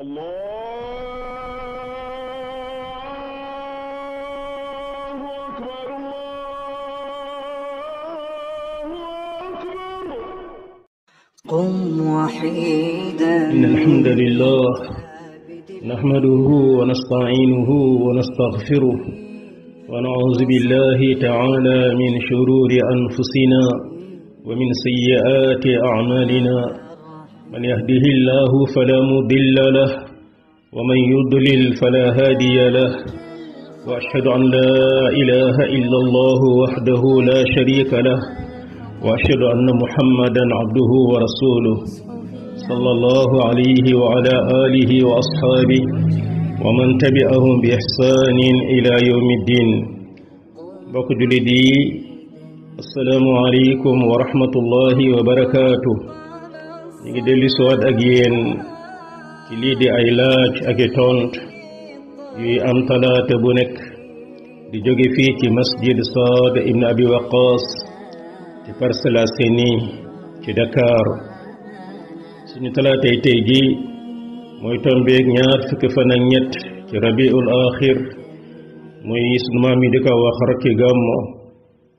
الله أكبر الله أكبر قم وحيدا إن الحمد لله نحمده ونستعينه ونستغفره ونعوذ بالله تعالى من شرور أنفسنا ومن سيئات أعمالنا من يهده الله فلا مضل له ومن يضلل فلا هادي له وأشهد أن لا إله إلا الله وحده لا شريك له وأشهد أن محمدا عبده ورسوله صلى الله عليه وعلى آله وأصحابه ومن تبعهم بإحسان إلى يوم الدين بقدر دي السلام عليكم ورحمة الله وبركاته ngi dellu siwaat ak yeen ci lii di ay laaj ak i tont yuy am talaata bu nekk di jóge fii ci masjid saad ibn abi waqas ci Parcelles Assainies ci dakar suñu talaatay tey gi mooy tombeeg ñaar fukki fan ak ñett ci rabiul axir muy sunu maam yi di ko wax rakki gàmmo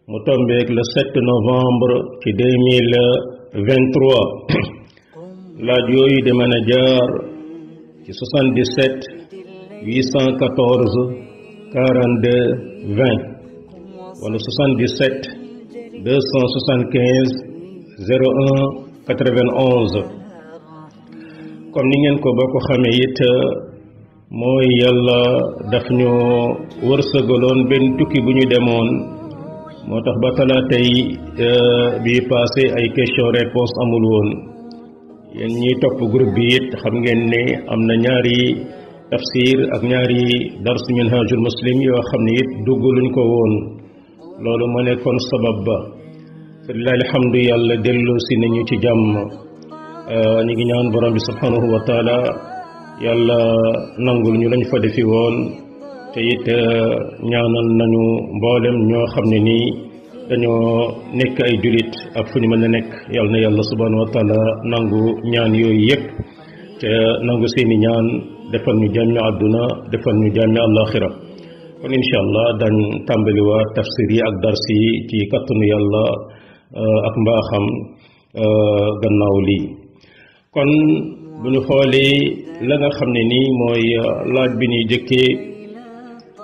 mu tombeeg le 7 novembre ci 2023 laaj yooyu de mën a jaar ci 77 814 42 20 wala 77 275 01 91 comme ni ngeen ko ba ko xamee it mooy yàlla daf ñu wërsëgaloon benn tukki bu ñu demoon moo tax ba talaatay euh, bi passé ay question réponse amul woon yéen ñiy topp groupe bi it xam ngeen ne am na ñaari tafsir ak ñaari dars minhajul muslim yoo xam ne it dugg luñ ko woon loolu moo nekkoon sabab ba falilahi alhamdu yàlla dellu si nañu ci jàmm ñu ngi ñaan borom bi subhanahu wa taala yàlla nangul ñu lañ fa defi woon te it ñaanal nañu mboolem ñoo xam ne nii dañoo nekk ay jullit ak fu ñu mën a nekk yal na yàlla subhaanahu wa taala nangu ñaan yooyu yëpp te nangu seeni ñaan defal ñu jàmmi àdduna defal ñu jàmmi àllaaxira kon incha allah dañ tàmbaliwaat tafsir yi ak dars ci ci kattanu yàlla euh, ak mbaaxam euh, gannaaw lii kon bu ñu xoolee la nga xam ne nii mooy euh, laaj bi nuy jëkkee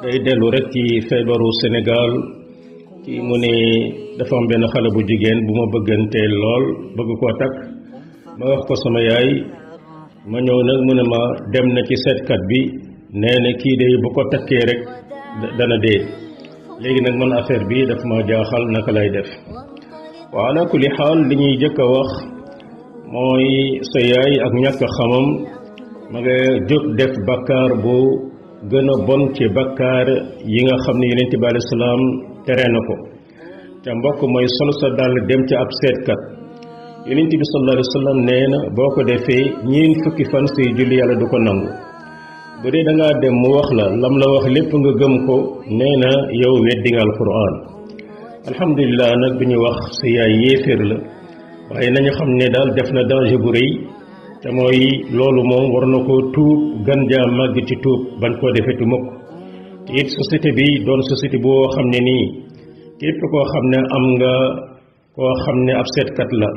day dellu rek ci feebaru Sénégal kii mu ne dafa am benn xale bu jigéen bu ma bëggantee lool bëgg koo takk ma wax ko sama yaay ma ñëw nag mu ne ma dem na ci seetkat bi nee na kii day bu ko takkee rek dana dee léegi nag man affaire bi daf ma jaaxal naka lay def waa ala kulli xaal li ñuy jëkk a wax mooy sa yaay ak ñàkk xamam ma nga jóg def bakkaar bu gën bon ci bakkaar yi nga xam ne yeneen bi alei salaam tere na ko te mbokk mooy solo sa dàll dem ci ab seetkat yonent bi sallallahu alayhi wa nee na boo ko defee ñeen fukki fan say julli yàlla du ko nangu bu dee da dem mu wax la lam la wax lépp nga gëm ko nee na yow weddi nga alquran nag bi ñu wax sa yaay yéeféer la waaye nañu xam ne daal def na danger bu rëy te mooy loolu moom war na ko tuub gan jaa màgg ci tuub ban koo defetu mukk te it bi doon société boo xam ne nii képp koo xam ne am nga koo xam ne ab seetkat la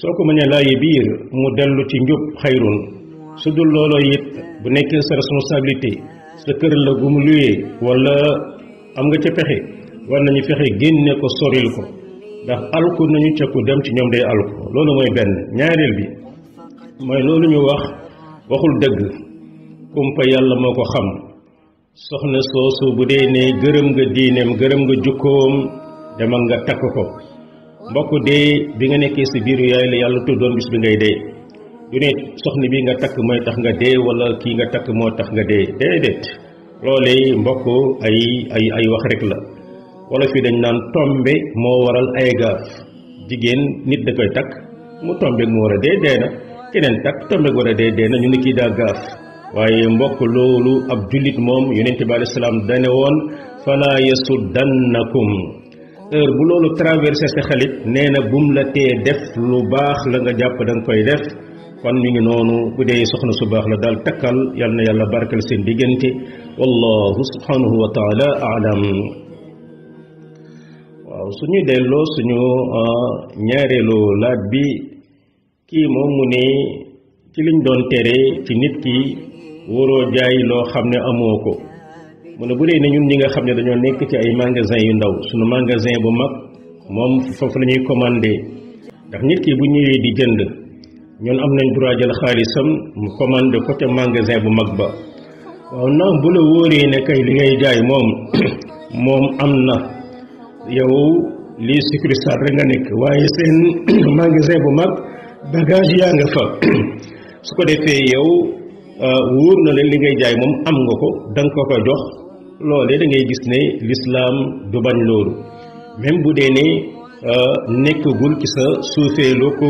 soo ko mënee laayi biir mu dellu ci njub xayrun su dul looloo it bu nekkee sa responsabilité sa kër la gu mu luyee wala am nga ca pexe war nañu fexe génne ko soril ko ndax alku nañu ca dem ci ñoom day alku loolu mooy benn ñaareel bi mooy loolu ñu wax waxul dëgg kumpa yàlla moo ko xam soxna soosu bu dee ne gërëm nga diineem gërëm nga jukkoom demal nga takk ko mbokk dee bi nga nekkee si biiru yaay la yàlla doon bis bi ngay dee du ne soxna bi nga takk mooy tax nga dee wala kii nga takk moo tax nga dee déedéet loolee mbokk ay ay ay wax rek la wala fii dañ naan tombe moo waral ay gaaf jigéen nit da koy takk mu tombe mu war a dee dee na keneen takk tombe war dee dee na ñu ne kii daa gaaf waaye mbokk loolu ab jullit moom yonent bi alayhi salaam dane woon falaa yasuddannakum heure bu loolu traversé sa xalit nee na bum la tee def lu baax la nga jàpp da koy def fan mi ngi noonu bu dee soxna su baax la daal takkal yal na yàlla barkal seen diggante wallahu subhanahu wa taala alam waaw suñu delloo suñu ah, ñaareelu laaj bi kii moom mu ne ci liñ doon tere ci nit ki waroo jaay loo xam ne amoo ko mu ne bu dee ne ñun ñi nga xam ne dañoo nekk ci ay magasin yu ndaw sunu magasin bu mag moom foofu la ñuy commandé ndax nit ki bu ñëwee di jënd ñun am nañ droit jël xaalisam mu commandé ko ca magasin bu mag ba waaw naam bu la wóoree ne kay li ngay jaay moom moom am na yow lii succursale rek nga nekk waaye seen magasin bu mag bagage yaa nga fa su ko defee yow. Euh, wóor na leen li ngay jaay moom am nga ko da nga ko ko jox loolee da ngay gis ne lislaam du bañ loolu même bu dee ne euh, nekkagul ci sa suufeelu ko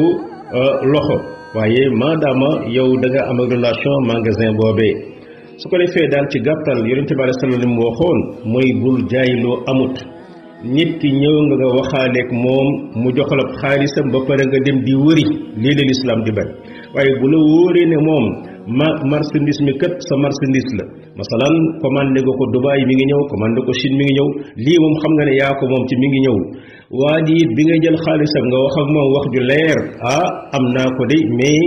euh, loxo waaye maadaama yow danga am relation magasin boobee su ko defee daal ci gàttal yonente bi alei sallam waxoon mooy bul jaay loo amut nit ki ñëw nga nga waxaaleeg moom mu joxalab xaalisam ba pare nga dem di wëri lii la lislaam di bañ waaye bu la wóoree ne moom ma marchandise mi kat sa marchandise la masalan commandé nga ko Dubaï mi ngi ñëw commandé ko Chine mi ngi ñëw lii moom xam nga ne yaa ko moom ci mi ngi ñëw waa ji it bi nga jël xaalisam nga wax ak moom wax ju leer ah am naa ko de mais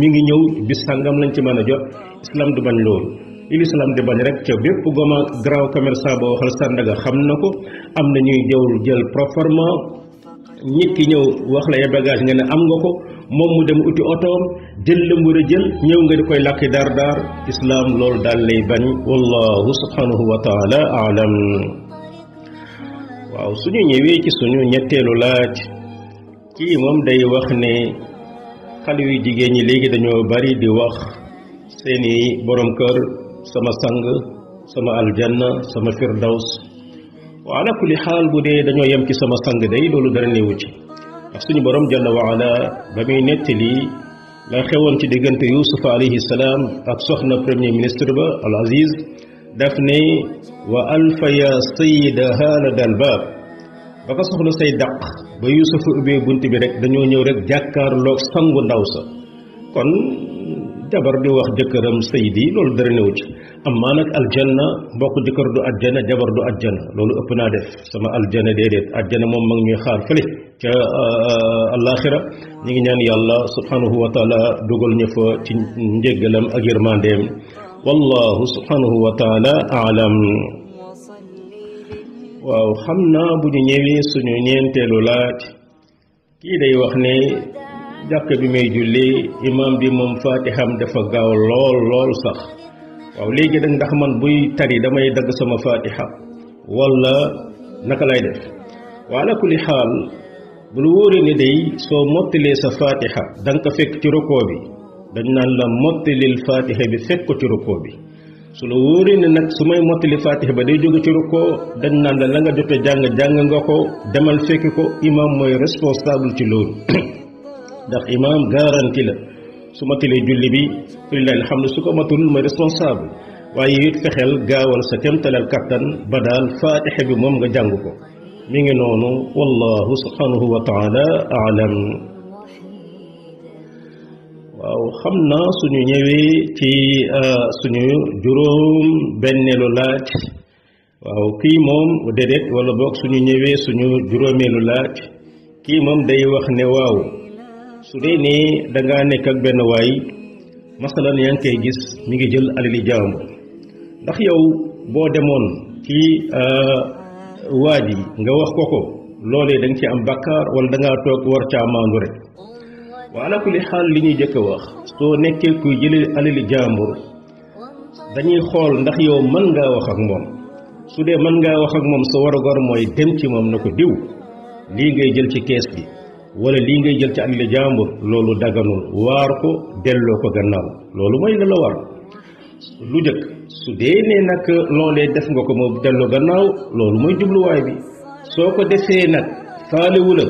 mi ngi ñëw bis sàngam lañ ci mën a jot islam du bañ loolu il islam di bañ rek ca bépp goma grand commerçant boo waxal Sandaga xam na ko am na ñuy jëw jël proforma nit ñëw wax la ya nga ne am nga ko moom mu dem uti otoom jël la mu war a jël ñëw nga di koy làkki daar daar islaam loolu daal lay bañ wallahu subhanahu wa alam waaw suñu ñëwee ci suñu ñetteelu laaj kii moom day wax ne xale yu jigéen ñi léegi dañoo bari di wax seeni borom kër sama sang sama aljanna sama firdaws wa ala kulli xaal bu dee dañoo yem ci sama sang day loolu dara néewu ci ndax suñu borom jalla wa ala ba muy nettali la xewoon ci diggante yusufa alayhi salaam ak soxna premier ministre ba al aziz daf ne wa alfaya sayida haala baab ba ko soxna say dàq ba yusufa ubbee bunt bi rek dañoo ñëw rek jàkkaarloog sangu ndaw sa kon jabar di wax jëkkëram sayidi loolu dara néewu ci amma nag aljanna mbokk jëkkër du aljanna jabar du aljanna loolu ëpp naa def sama aljanna déedéet aljanna moom mag ñuy xaar fële ca euh, euh, alaxira ñu ngi ñaan yàlla subhanahu wa dugal ñu fa ci njéggalam ak yërmandeem wallahu subhanahu waaw xam naa bu ñu ñëwee suñu ñeenteelu laaj kii day wax ne jàkk bi may julli imaam bi moom faatiham dafa gaaw lool lool sax waaw léegi nag ndax man buy tari damay dagg sama fatiha wala naka lay def waa ala kulli xaal bu lu wóoree ni day soo mottalee sa fatiha da ko fekk ci rukoo bi dañ naan la mottalil fatiha bi fekk ko ci rukoo bi su la wóoree ne nag su may mottali fatiha ba day jóge ci rukoo dañ naan la la nga jote jàng jàng nga ko demal fekk ko imam mooy responsable ci loolu ndax imam garanti la su matalee julli bi lillahi alhamdu su ko matul mooy responsable waaye it fexeel gaawal sa kemtaleel kattan ba daal faatixe bi moom nga jàng ko mi ngi noonu wallahu subhanahu wa alam waaw xam na suñu ñëwee ci ah, suñu juróom benneelu laaj waaw kii moom déedéet wala boog suñu ñëwee suñu juróomeelu laaj kii moom day wax ne waaw su dee nii da ngaa nekk ak benn waay masalan yaa ngi koy gis mi ngi jël alali jaamu ndax yow boo demoon ci euh, waa ji nga wax ko ko loolee da ci am bàkkaar wala da toog war caa maandu rek wa ala xaal li ñuy jëkk a wax soo nekkee kuy jëlee alali jaambur dañuy xool ndax yow mën ngaa wax ak moom su dee mën ngaa wax ak moom sa warugar mooy dem ci moom na ko diw lii ngay jël ci kees bi wala lii ngay jël ci am la jàmbur loolu daganul waar ko delloo ko gannaaw loolu mooy la la war lu jëkk su dee ne nag loolee def nga ko moo delloo gannaaw loolu mooy jubluwaay bi soo ko defee nag faalewu la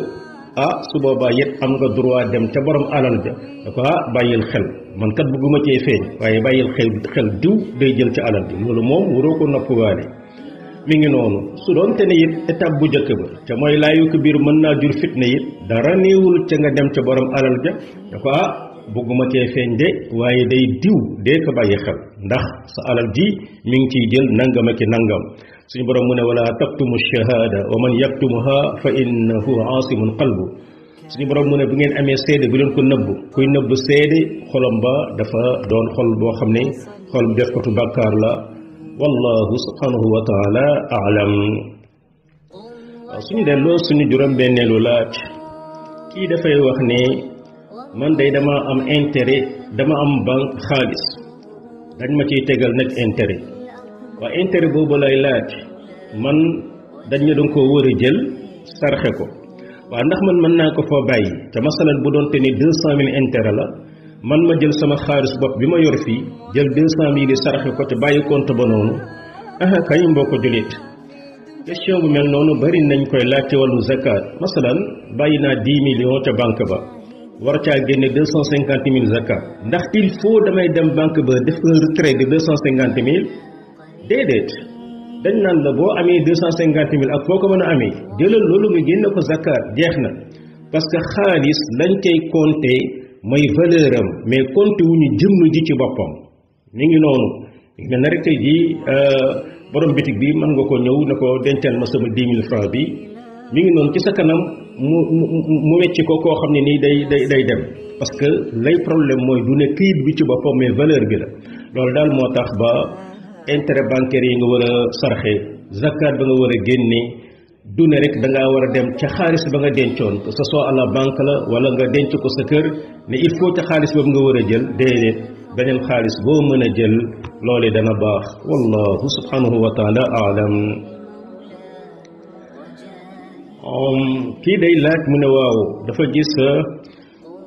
ah su boobaa yet am nga droit dem ca borom alal ja da ko ah bàyyil xel man kat bëgguma cee feeñ waaye bàyyil xel xel diw day jël ci alal bi loolu moom waroo ko noppuwaale mi ngi noonu su doonte ne it étape bu njëkk ba te mooy laayu ko biir mën naa jur fitna it dara néewul ca nga dem ca borom alal ja dafa ko ah bëgguma cee feeñ de waaye day diw dee ko bàyyi xel ndax sa alal ji mu ngi ciy jël nangam ak nangam suñu borom mu ne walla wala taktumu shahada wa man yaktumuha fa innahu aasimun qalbu suñu borom mu ne bu ngeen amee seede bu leen ko nëbb kuy nëbb seede xolam ba dafa doon xol boo xam ne xol def kotu bàkkaar la wallahu subhanahu wa taala alam waaw suñu delloo suñu juróom-benneelu laaj kii dafay wax ne man dey dama am intérêt dama am banque xaalis dañ ma ciy tegal nag intérêt waa intérêt boobu lay laaj man dañ ne danga koo war a jël sarxe ko waaw ndax man mën naa ko fa bàyyi te masalan bu doonte ni deux cent mille intérêt la man ma jël sama xaaris bopp bi ma yor fii jël 200 mille yi saraxe ko te bàyyi compte ba noonu aha kañ mboo ko julit question bu mel noonu bari nañ koy laajte wàllu zakat masalan bàyyi naa 10 millions ca banque ba war caa génne 250 mille zakat ndax il faut damay dem banque ba def un retrait de 250 mille déedéet dañ naan la boo amee 250 mille ak foo ko mën a amee jëlal loolu nga génne ko zakat jeex na parce que xaalis lañ cay compter mooy valeur am mais compte wuñu jëmm ji ci boppam mu ngi noonu ne na rek tey jii euh, borom bitig bi mën nga ko ñëw ne ko dencal ma sama dix mille francs bi mi ngi noonu ci sa kanam mu mu wecci ko koo xam ne nii day day day dem parce que lay problème mooy du ne këyit bi ci boppam mais valeur bi la loolu daal moo tax ba intérêt bancaire yi nga war a sarxe zakat ba nga war a génne du ne rek ngaa war a dem ca xaalis ba nga dencoon que ce soit à la banque la wala nga denc ko sa kër ne il faut ca xaalis boobu nga war a jël déedéet beneen xaalis boo mën a jël loole dana baax wallahu subhanahu wa taala aalam um, kii day laaj mu ne waaw dafa gis uh,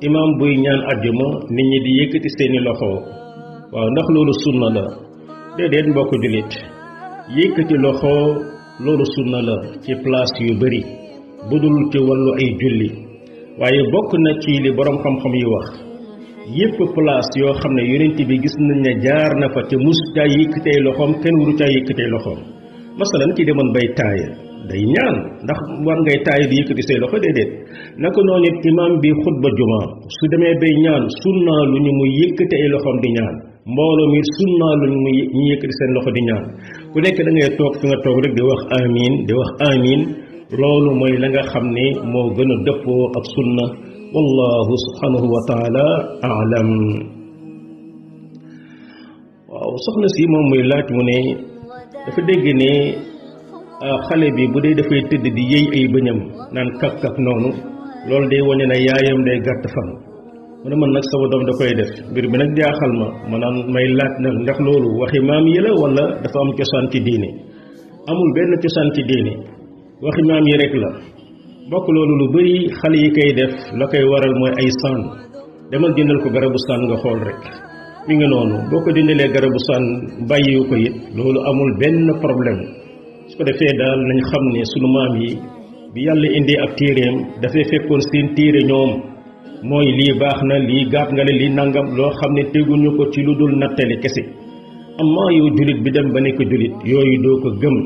imaam buy ñaan àjjuma nit ñi di yëkkati seeni loxo waaw ndax loolu sunna la déedéet mbokk jullit yëkkati loxo loolu sunna la ci place yu bëri budul ci wàllu ay julli waaye bokk na ci li boroom xam-xam yi wax yëpp place yoo xam ne yonent bi gis nañ ne jaar na fa te mus caa yëkkatee loxoom kenn waru caa yëkkatee loxoom masalan ki demoon bay taaya day ñaan ndax war ngay taaya di yëkkati say loxo déedéet naka noonu it imaam bi xutba juma su demee bay ñaan sunna lu ñu mu yëkkate ay loxoom di ñaan mbooloo mi sunnaa luñ mu ñu yëkkati seen loxo di ñaan ku nekk da ngay toog fi nga toog rek di wax amiin di wax amiin loolu mooy la nga xam ne moo gën a dëppoo ak sunna wallahu subhanahu wa taala alam waaw soxna si moom muy laaj mu ne dafa dégg ne ah, xale bi bu dee dafay tëdd di yëy ay bëñam naan kak kak noonu loolu day wane na yaayam day gàtt fan mu ne nag sama doom da koy def mbir bi nag jaaxal ma ma naan may laaj nag ndax loolu waxi maam yi la wala dafa am cosaan ci diine amul benn cosaan ci diine waxi maam yi rek la bokk loolu lu bëri xale yi koy def la koy waral mooy ay saan demal dindal ko garabu saan nga xool rek mi ngi noonu boo ko dindalee garabu sann bàyyiwu ko it loolu amul benn problème su ko defee daal nañ xam ne sunu maam yi bi yàlla indee ab téereem dafay fekkoon seen téere ñoom mooy lii baax na lii gàpp nga ne lii nangam loo xam ne teguñu ko ci lu dul nattali kese amma yow jullit bi dem ba nekk jullit yooyu doo ko gëm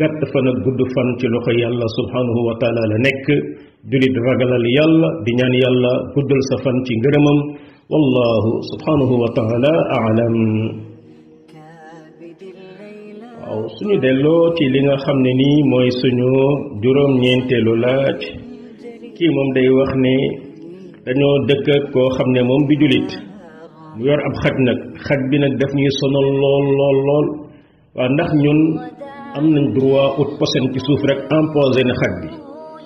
gàtt fan gudd fan ci loxo yàlla subhanahu wa taala la nekk jullit ragalal yàlla di ñaan yàlla guddal sa fan ci ngërëmam wallahu subhanahu wa taala aalam waaw suñu delloo ci li nga xam ne nii mooy suñu juróom-ñeenteelu laaj kii moom day wax ne dañoo dëkk ak koo xam ne moom bi jullit mu yor ab xaj nag xaj bi nag daf ñuy sonal lool lool lool ndax ñun am nañ droit ut posen ci suuf rek imposé ne xaj bi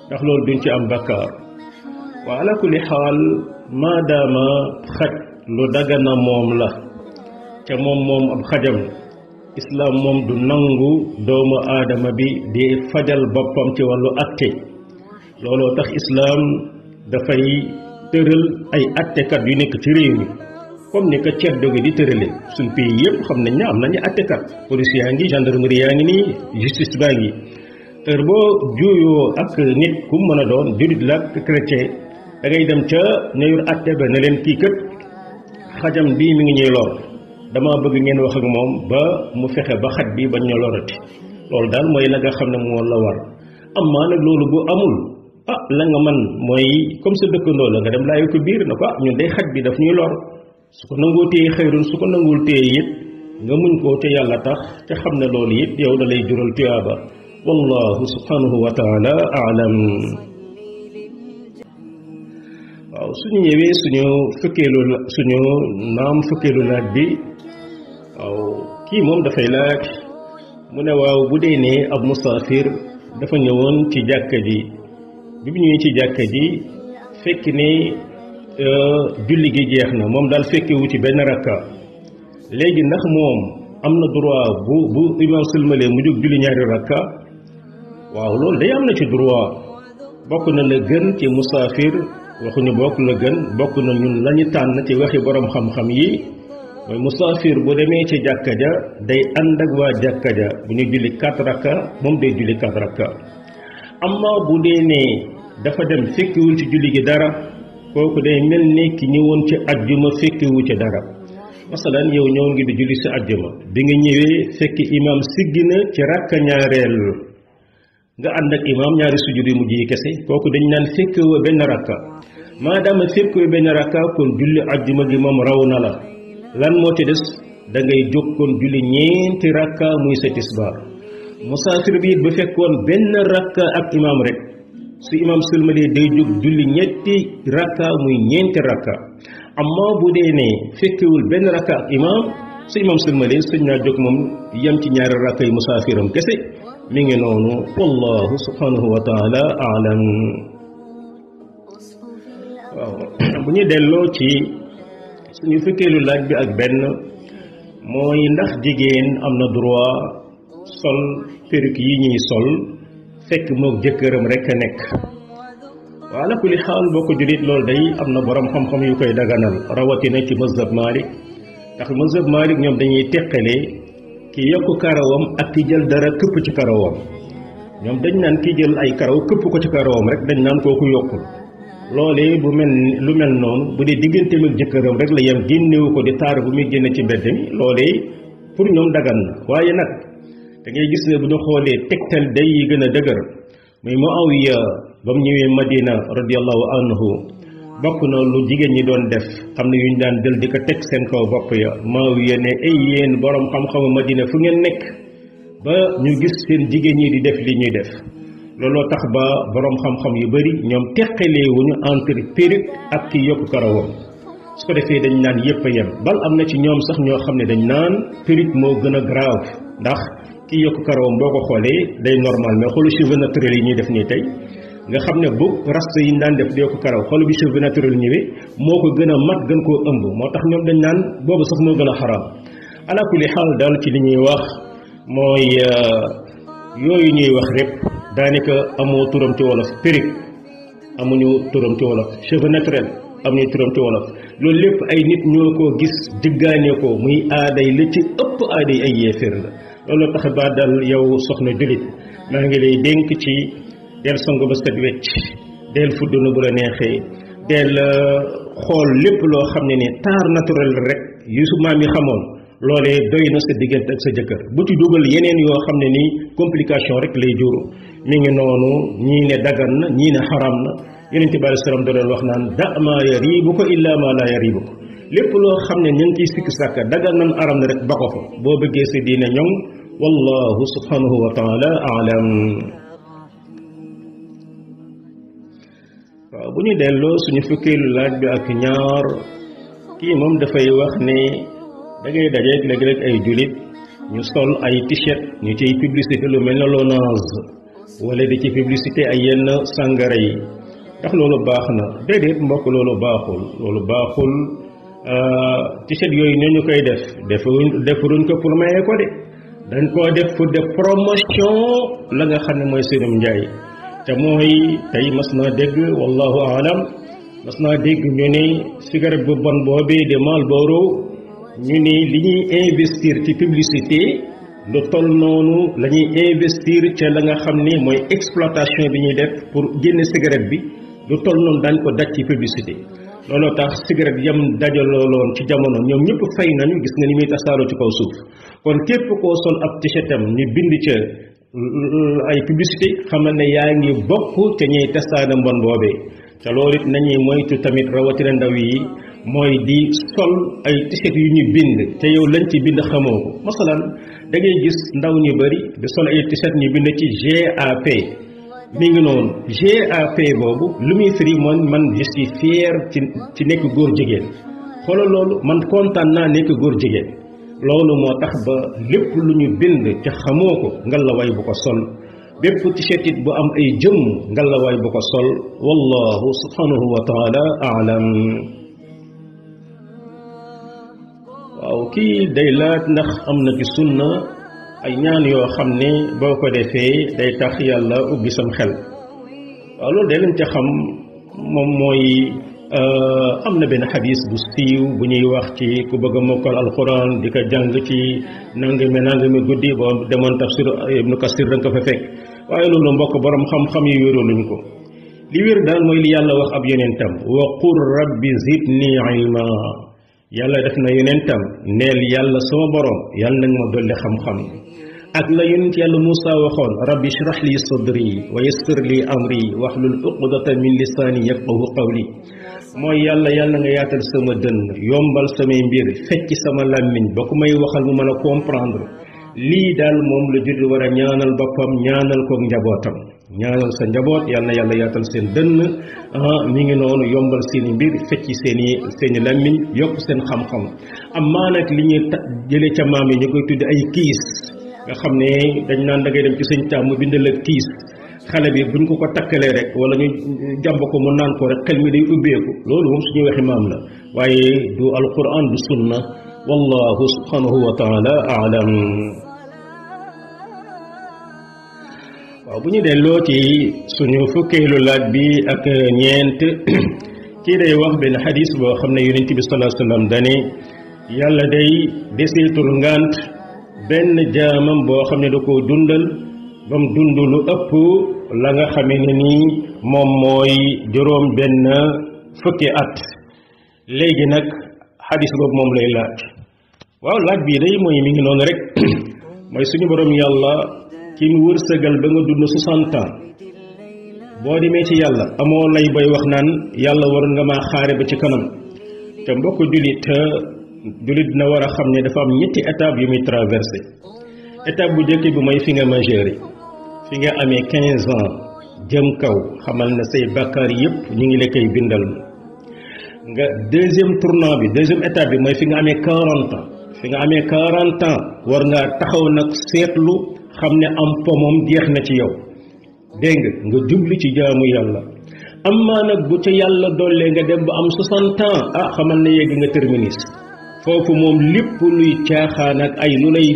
ndax loolu duñ ci am bakkaar waa ala kulli xaal maadaama xaj lu dagana moom la te moom moom ab xajam islaam moom du nangu doomu aadama bi di fajal boppam ci wàllu atte looloo tax islaam dafay tëral ay attekat yu nekk ci réew mi comme ni ko ceddo di tëralee suñ pays yëpp xam nañ ne am nañu attekat police yaa ngi gendarmerie yaa ngi nii justice baa ngi heure boo juuyoo ak nit ku mën a doon jullit la ak chrétien da ngay dem ca ne yor atte ba ne leen kii kët xajam bii mi ngi ñuy lor dama bëgg ngeen wax ak moom ba mu fexe ba xaj bi bañ ñu lorati loolu daal mooy la nga xam ne moo la war am maa loolu bu amul ah lan nga man mooy comme sa dëkkandoo la nga dem laayu ko biir na ko ah ñun day xaj bi daf ñuy lor su ko nangoo téye xëyrun su ko nanguwul téye it nga muñ koo te yàlla tax te xam ne loolu it yow da lay jural tuyaaba wallahu subhanahu wa taala alam waaw suñu ñëwee suñu fukkeelu suñu naam fukkeelu laaj bi waaw kii moom dafay laaj mu ne waaw bu dee ne ab musaafir dafa ñëwoon ci jàkka ji bi mu ñëwee ci jàkka ji fekk ni euh, julli gi jeex na moom daal fekkewu ci benn rakka léegi ndax moom am na droit bu bu imaam sëlmalee mu jóg julli ñaari rakka waaw loolu day am na ci droit bokk na la gën ci musaafir waxuñu bokk la gën bokk na ñun lañu tànn ci waxi borom xam-xam yi mooy musaafir bu demee ci jàkka ja day ànd ak waa jàkka ja bu ñu julli quatre rakka moom day julli quatre rakka amma bu dee ne dafa dem fekkiwul ci julli gi dara kooku day mel ne ki ñëwoon ci ajjuma fekkiwu ci dara masalan yow ñëwoon ngi di julli si ajjuma bi nga ñëwee fekk imaam siggi na ci rakka ñaareel nga ànd ak imaam ñaari sujud yu mujj yi kese kooku dañ naan fekkiwu benn rakka maadaama fekkiwu benn rakka kon julli ajjuma gi moom raw na la lan moo ci des da ngay jóg kon julli ñeenti rakka muy sa tisbaar musaafir bi it bu fekkoon benn rakka ak imaam rek su imaam sulmalee day jóg julli ñetti rakka muy ñeenti rakka amma bu dee ne fekkewul benn rakka ak imaam su imaam sulmalee sëñ naa jóg moom yam ci ñaari rakka yi musaafiram kese mi ngi noonu wallahu subhanahu wa taala bu ñu delloo ci suñu fekkeelu laaj bi ak benn mooy ndax jigéen am na droit sol perruque yi ñuy sol fekk moog jëkkëram rek nekk wala kulli xaal boko ko julit loolu day amna borom xam-xam yu koy daganal na ci mazhab malik tax mazhab malik ñom dañuy tekkale ki yokk karawam ak ki jël dara këpp ci karawam ñom dañ nan ki jël ay karaw këpp ko ci karawam rek dañ nan koku yokku lolé bu mel lu mel non bu di digënté mak jëkkëram rek la yam génnewu ko di tar bu mi génne ci mbéddi lolé pour ñom dagan waye nak da ngay gis ne bu ñu xoolee tegtal day yi gën a dëgër muy Muawiya ba mu ñëwee Madina radiallahu anhu bokk na lu jigéen ñi doon def xam ne yu ñu daan jël di ko teg seen kaw bopp ya Muawiya ne ay boroom xam-xamu Madina fu ngeen nekk ba ñu gis seen jigéen ñi di def li ñuy def looloo tax ba boroom xam-xam yu bari ñoom teqalee wu ñu entre perruque ak ki yokk karawam su ko defee dañ naan yépp a yem bal am na ci ñoom sax ñoo xam ne dañ naan perruque moo gën a grave kii yokk karawam boo ko xoolee day normal mais xoolu cheveux naturel yi ñuy def nii tey nga xam ne bu rasta yi ñu daan def di yokk karaw xoolu bi cheveux naturel ñëwee moo ko gën a mat gën koo ëmb moo tax ñoom dañ naan boobu sax moo gën a xaraam ala kulli xaal daal ci li ñuy wax mooy euh, yooyu ñuy wax rek daanaka amoo turam ci wolof perruque amuñu turam ci wolof cheveux naturel amuñu turam ci wolof loolu lépp ay nit ñoo ko gis diggaane ko muy aaday la ci ëpp aaday ay yeefeer la loolu tax ba dal yow soxna jullit maa ngi lay dénk ci del songu ba set wecc del fuddunu bu la neexee del euh, xool lépp loo xam ne ni taar naturel rek yu su maam yi xamoon loolee doy na sa diggante ak sa jëkkër bu ci dugal yeneen yoo xam ne nii complication rek lay juru mu ngi noonu ñii ne dagan na ñii ne xaram na yonent bi aleyhi salaam doon wax naan da ma yariibu ko illaa ma laa yariibu ko lépp loo xam ne ñu ngi ciy sikk sàkk dagan aram na rek ba ko boo bëggee sa diine ñoŋ wallahu subhanahu wa waaw bu ñu delloo suñu fukkeelu laaj bi ak ñaar kii moom dafay wax ni da ngay dajeeg léeg-léeg ay jullit ñu sol ay t-shirt ñu ciy publicité lu mel na Lonase wala di ci publicité ay yenn sàngara yi tax loolu baax na déedéet mbokk loolu baaxul loolu baaxul euh, t-shirt yooyu ñoo ñu koy def defaruñ defaruñ ko pour ko de dañ koo def pour de promotion la nga xam ne mooy seenum njaay te mooy tey mas naa dégg wallahu alam mas naa dégg ñu ni cigarette bu bon boobee de Marlboro ñu ni li ñuy investir ci publicité lu toll noonu la ñuy investir ca la nga xam ne mooy exploitation bi ñuy def pour génne cigarette bi lu toll noonu daañ ko daj ci publicité looloo tax cigarette yam dajaloo loon ci jamono ñoom ñëpp fay nañu gis nga ni muy tasaaroo ci kaw suuf kon képp koo sol ab t-shirtam ñu bind ca mm, ay publicité xamal ne yaa ngi bokk te ñuy tasaare mbon boobee te lool it nañuy moytu tamit rawatina ndaw yi mooy di sol ay t yu ñu bind te yow lañ ci bind xamoo ko masalan da gis ndaw ñu bari di sol ay t ñu bind ci GAP mi ngi noonu GAP boobu lu muy firi man man je ci nekk góor jigéen xoolal loolu man kontaan naa nekk góor jigéen loolu moo tax ba lépp lu ñu bind te xamoo ko ngallaawaay bu ko sol bépp t-shirt bu am ay jëmm ngallaawaay bu ko sol wallahu subhanahu wa alam waaw kii day ndax am na ci sunna ay ñaan yoo xam ne boo ko defee day tax yàlla ubbi sam xel waaw loolu day lañ ca xam moom mooy euh, am na benn xadis bu siiw bu ñuy wax ci ku bëgg a mokkal alxuraan di ko jàng ci nangami nangami guddi boo demoon tafsir ibnu kasir da nga ko fa fekk waaye loolu mbokk borom xam-xam yi wéeroo luñ ko li wér daal mooy li yàlla wax ab yonentam wa qul rabbi zidni ilma yàlla def na yonentam neel yàlla sama borom yàlla nag ma dolli xam-xam ak la yonent yàlla musa waxon rabbi shrah li sadri wa yassir li amri hlul uqdata min lisani yafqahu qawli moy yàlla yàlla nga yaatal sama deun yombal sama mbir fecc sama lamin ba ku may waxal mu meuna comprendre li dal mom la jiddu wara ñaanal bopam ñaanal ko njabotam ñaanal sa njaboot yal na yàlla yaatal seen dënn mi ngi noonu yombal seen i mbir fecci seen seeni seen i làmmiñ yokk seen xam-xam amaa nag li ñuy jële ca maam yi ñu koy tudde ay kiis nga xam ne dañ naan da ngay dem ci sëñ taam mu bindal la kiis xale bi buñ ko ko takkalee rek wala ñu jàmb ko mu naan ko rek xel mi day ubbeeku loolu moom suñuy waxi maam la waaye du alquran du sunna wallahu subhanahu wa taala waaw bu ñu delloo ci suñu fukkeelu laaj bi ak ñeent kii day wax benn xadis boo xam ne yonent bi sallallahu alayhi wasallam dane yàlla day deseetul ngant benn jaamam boo xam ne da ko dundal ba mu dund lu ëpp la nga xamee ne nii moom mooy juróom benn fukki at léegi nag xadis boobu moom lay laaj waaw laaj bii day mooy mi ngi noonu rek mooy suñu borom yàlla ki mu wërsëgal ba nga dund 60 ans boo demee ci yàlla amoo lay booy wax naan yàlla waroon nga ma xaare ba ci kanam te mbokk jullit jullit dina war a xam ne dafa am ñetti étape yu muy traversé étape bu njëkk bi mooy fi nga majeure fi nga amee 15 ans jëm kaw xamal na say bakkaar yépp ñu ngi la koy bindal nga deuxième tournant bi deuxième étape bi mooy fi nga amee 40 ans fi nga amee 40 ans war nga taxaw nag seetlu. xam ne am po moom jeex na ci yow dégg nga nga jublu ci jaamu yàlla am nag bu ca yàlla dollee nga dem ba am 60 ans ah xamal na yegg nga terminus foofu moom lépp luy caaxaan ay lu lay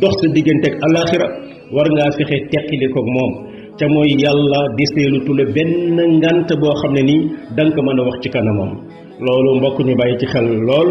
dox sa diggante ak alaxira war ngaa fexe teqali ko moom ca mooy yàlla di seelutu la benn ngant boo xam ne nii danga ko mën a wax ci kanamam loolu mbokk ñu bàyyi ci xel lool.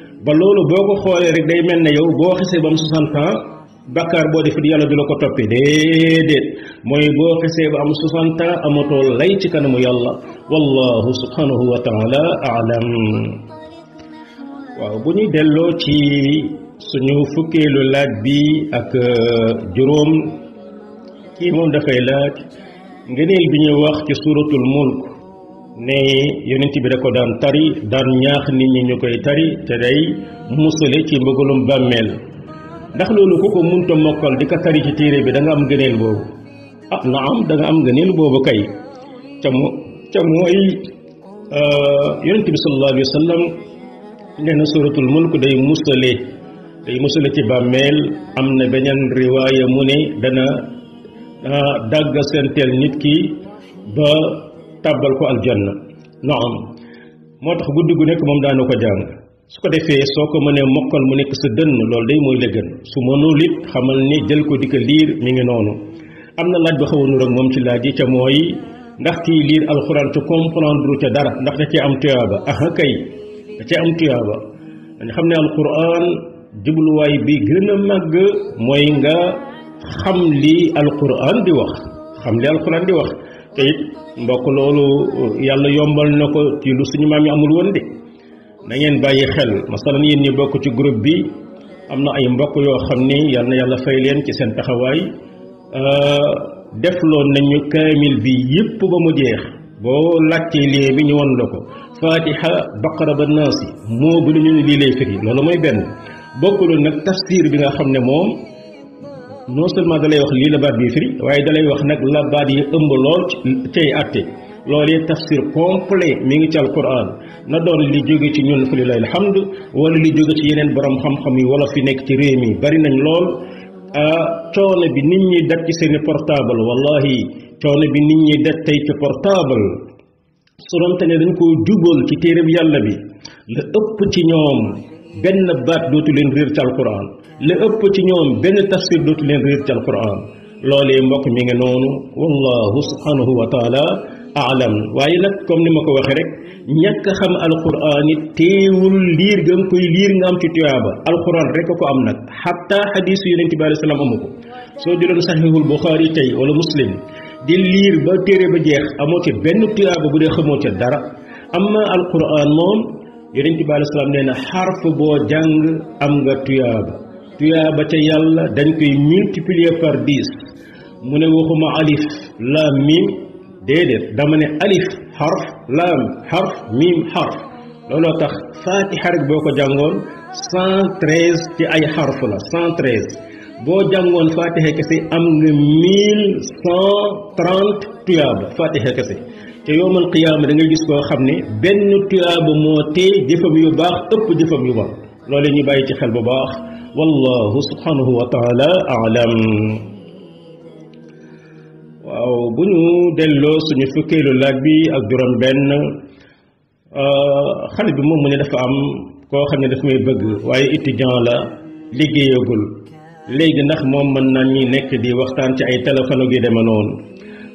ba loolu boo ko xoolee rek day mel ne yow boo xisee ba mu 60 ans bakkaar boo def yàlla du la ko toppee déedéet mooy boo xisee ba am 60 ans amatoo lay ci kanamu yàlla wallahu subhanahu wa taala alam waaw bu ñuy delloo ci suñu fukkeelu laaj bi ak juróom kii moom dafay laaj ngëneel bi ñuy wax ci suratul mulk ne yonent bi da ko daan tari daan ñaax nit ñi ñu koy tari te day musale ci mbëggalum bàmmeel ndax loolu ku ko munta mokkal di ko tari ci téere bi da am gëneel boobu ah na danga am gëneel boobu kay ca mu ca mooy euh, yonent bi sallallahu alayhi wa sallam nee na suratul mulk day musale day musale ci bàmmeel am na beneen riwaaya mu ne dana ah, dàgga seenteel nit ki ba tàbbal ko aljanna naam moo tax guddi gu nekk moom daana ko jàng su ko defee soo ko mënee mokkal mu nekk sa dënn loolu day mooy lëgën su mënul it xamal ni jël ko di ko liir mi ngi noonu am na laaj ba xaw nur ak moom ci laaj yi ca mooy ndax kii liir alxuraan te comprendre ca dara ndax da cee am tuyaaba aha kay da cee am tuyaaba dañu xam ne alxuraan jubluwaay bi gën a màgg mooy nga xam li alxuraan di wax xam li alxuraan di wax te mbokk loolu yàlla yombal na ko ci lu suñu maam yi amul woon de na ngeen bàyyi xel masalan yéen ñi bokk ci groupe bi am na ay mbokk yoo xam ni yal na yàlla fay leen ci seen taxawaay euh, defloon nañu kaamil bi yépp ba mu jeex boo laajtee lee bi ñu won la ko fatiha baqara ba moo bu ñu ne lii lay firi loolu mooy benn bokkul nag tafsir bi nga xam ne moom non seulement dalay wax li la baat bi firi waaye dalay wax nag la baat yi ëmb lool tey atte loolee tafsir complet mi ngi ci alquran na doon li jóge ci ñun fa lay alhamd wala li jóge ci yeneen borom xam-xam yi wala fi nekk ci réew mi bari nañ lool coono bi nit ñi dat ci seen portable wallahi coono bi nit ñi dat tey ci portable su doon te ne dañ koo jubal ci téereb yàlla bi la ëpp ci ñoom benn baat dootu leen réer ci alquran la ëpp ci ñoom benn tafsir dootu leen réer ci alquran loolee mbokk mi ngi noonu wallahu subhanahu wa taala alam waaye nag comme ni ma ko waxee rek ñàkk xam alquran it teewul liir gam koy liir nga am ci tuyaaba alquran rek ko am nag xatta xadiisu yonente bi alei salaam amu ko soo jëloon saxiixul buxaari tey wala muslim di liir ba téere ba jeex amoo ci benn tuyaaba bu dee xamoo ca dara amma alquran moom yonent bi aleyhi salaam nee na xarf boo jàng am nga tuyaaba tuyaaba ca yàlla dañ koy multiplier par mu ne waxuma alif laam miim déedéet dama ne alif xarf laam xarf miim xarf looloo tax faatixa rek boo ko jàngoon cent treize ci ay xarf la cent treize boo jàngoon faatixa kese am nga mille cent trente tuyaaba faatixa kese te yowmal qiyam da nga gis ko xamne ne benn tuyaaba moo tee jëfam yu bax ëpp defam yu bax loolu ñu bàyyi ci xel bu bax wallahu subhanahu wa taala alam waaw bu ñu delloo suñu fukkeelu laaj bi ak juróom benn xale bi mo mu ne dafa am ko xamne daf may bëgg waye étudiant la liggéeyagul léegi ndax moom mën na ñi nekk di waxtaan ci ay téléphone gi dema noonu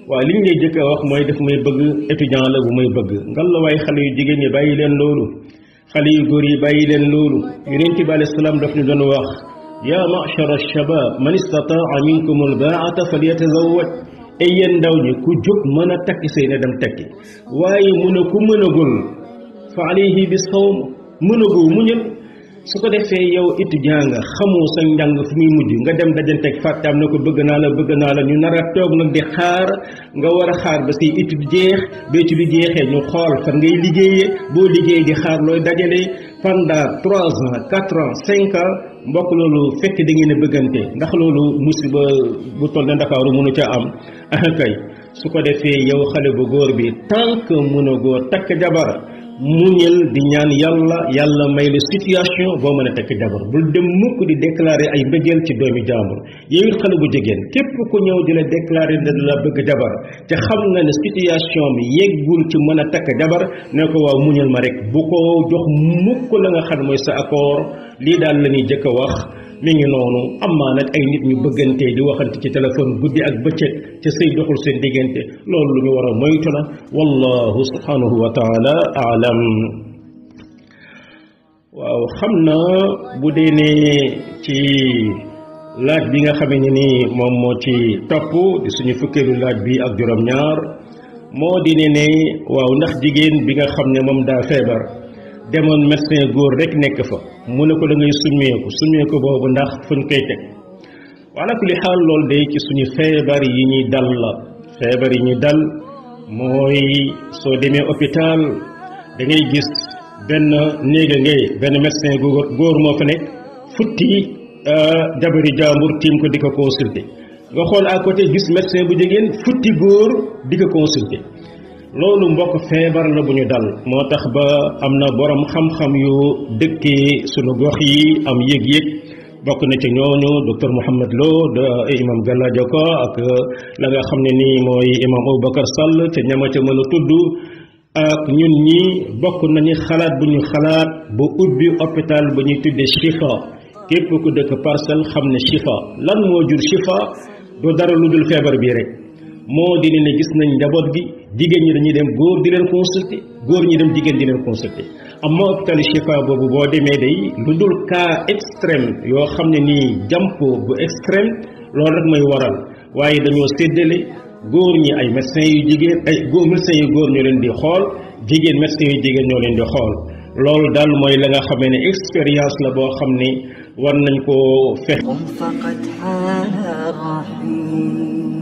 waaw liñ lay jëkk wax mooy daf may bëgg étudiant la bu may bëgg ngal la waaye xale yu jigéen ñi bàyyi leen loolu xale yu góor yi bàyyi leen loolu yeneen ci alayhi salaam daf ñu doon wax ya ma'shar ash-shabab man istataa minkum al-ba'ata falyatazawwaj ay yéen ndaw ñi ku jóg mën a takki sëy na dem takki waaye mu ne ku mënagul fa alayhi bi sawm mënagoo muñal su ko defee yow étudiant nga xamoo sa njàng fu muy mujj nga dem dajanteeg fàttaam na ko bëgg naa la bëgg naa la ñu nar a toog nag di xaar nga war a xaar ba say étude jeex ba étude jeexee ñu xool fan ngay liggéeyee boo liggéey di xaar looy dajale pendant trois ans quatre ans cinq ans mbokk loolu fekk da ngeen bëggante ndax loolu musiba bu toll ne ndakaaru mënu ca am ah su ko defee yow xale bu góor bi tant que mënagoo takk jabar muñal di ñaan yàlla yàlla may la situation boo mën a takk jabar bul dem mukk di déclarer ay mbëggeel ci doomi jaambur yooyu xale bu jigéen képp ku ñëw di la déclarer ne la bëgg jabar te xam na ne situation bi yeggul ci mën a takk jabar ne ko waaw muñal ma rek bu ko jox mukk la nga xam mooy sa accord lii daal la ñuy jëkk a wax mi ngi noonu am naa nag ay nit ñu bëggantee di waxante ci téléphone guddi ak bëccëg ca sëy doxul seen diggante loolu lu ñu war a moytu la wallahu subhanahu wa taala aalam waaw xam naa bu dee ne ci laaj bi nga xam ne ni moom moo ci topp di suñu fukkeelu laaj bi ak juróom-ñaar moo di ne ne waaw ndax jigéen bi nga xam ne moom daa feebar demoon médecin góor rek nekk fa mu ne ko da ngay summeeku summeeku boobu ndax fuñ koy teg wala li xaal loolu day ci suñu feebar yi ñuy dal la feebar yi ñuy dal mooy soo demee hôpital da ngay gis benn néega ngay benn médecin gu góor moo fa nekk futti euh, jabari jaambur tiim ko di ko consulter nga xool à gis médecin bu jigéen futti góor di ko loolu mbokk feebar la bu ñu dal moo tax ba am na borom xam-xam yu dëkkee sunu gox yi am yëg-yëg bokk na ci ñooñu docteur Mouhamed Lo de eh, imam Gana Dioko ak la nga xam ne nii mooy imam Aboubacar Sall te ñama ca mën a tudd ak ñun ñi bokk nañu xalaat bu ñu xalaat bu ubbi hôpital bu ñuy tuddee Chifa képp ku dëkk parcelle xam ne Chifa lan moo jur Chifa du dara lu dul feebar bii rek. moo di ne gis nañ njaboot gi jigéen ñi dañuy dem góor di leen consulter góor ñi dem jigéen di leen consulter amma hôpital Chifa boobu boo demee day lu dul cas extrême yoo xam ne nii jàmp bu extrême loolu rek mooy waral waaye dañoo séddale góor ñi ay médecins yu jigéen ay góor médecins yu góor ñoo leen di xool jigéen médecins yu jigéen ñoo leen di xool loolu daal mooy la nga xamee ne expérience la boo xam ne war nañ koo fexe